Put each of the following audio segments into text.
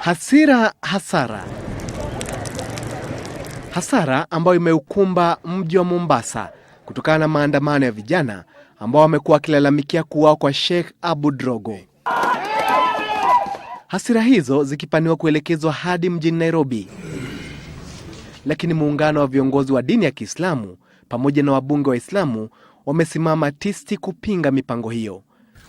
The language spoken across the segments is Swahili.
Hasira hasara hasara ambayo imeukumba mji wa Mombasa kutokana na maandamano ya vijana ambao wamekuwa wakilalamikia kuwao kwa Sheikh Abu Drogo. Hasira hizo zikipaniwa kuelekezwa hadi mjini Nairobi, lakini muungano wa viongozi wa dini ya Kiislamu pamoja na wabunge wa Islamu wamesimama tisti kupinga mipango hiyo.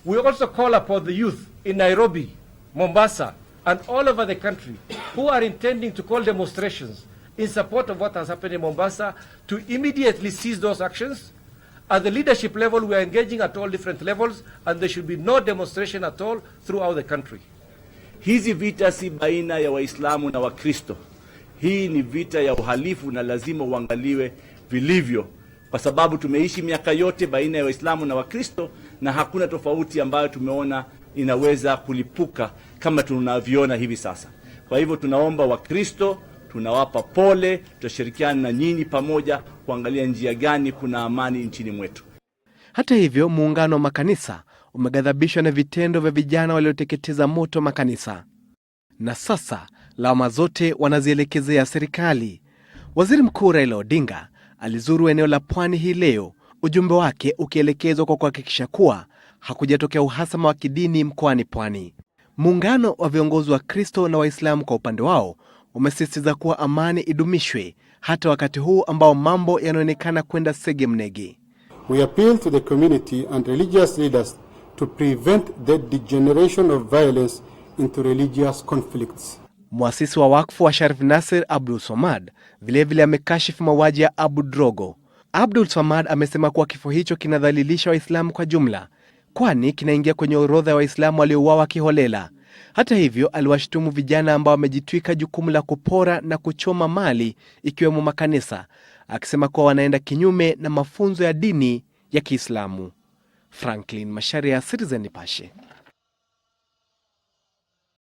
We also call upon the youth in Nairobi, Mombasa and all over the country who are intending to call demonstrations in support of what has happened in Mombasa to immediately cease those actions. At the leadership level, we are engaging at all different levels and there should be no demonstration at all throughout the country. Hizi vita si baina ya Waislamu na Wakristo. Hii ni vita ya uhalifu na lazima uangaliwe vilivyo, kwa sababu tumeishi miaka yote baina ya Waislamu na Wakristo na hakuna tofauti ambayo tumeona inaweza kulipuka kama tunavyoona hivi sasa. Kwa hivyo tunaomba Wakristo, tunawapa pole, tutashirikiana na nyinyi pamoja kuangalia njia gani kuna amani nchini mwetu. Hata hivyo, muungano wa makanisa umeghadhabishwa na vitendo vya vijana walioteketeza moto makanisa, na sasa lawama zote wanazielekezea serikali. Waziri Mkuu Raila Odinga alizuru eneo la pwani hii leo, ujumbe wake ukielekezwa kwa kuhakikisha kuwa hakujatokea uhasama wa kidini mkoani Pwani. Muungano wa viongozi wa Kristo na Waislamu kwa upande wao umesisitiza kuwa amani idumishwe hata wakati huu ambao mambo yanaonekana kwenda sege mnege. We appeal to the community and religious leaders to prevent the degeneration of violence into religious conflicts. Mwasisi wa wakfu wa Sharif Nasir Abdul Swamad vilevile amekashifu mauaji ya Abu Drogo. Abdul Swamad amesema kuwa kifo hicho kinadhalilisha Waislamu kwa jumla kwani kinaingia kwenye orodha ya Waislamu waliouawa kiholela. Hata hivyo, aliwashutumu vijana ambao wamejitwika jukumu la kupora na kuchoma mali ikiwemo makanisa, akisema kuwa wanaenda kinyume na mafunzo ya dini ya Kiislamu. Franklin Masharia, Citizen Nipashe.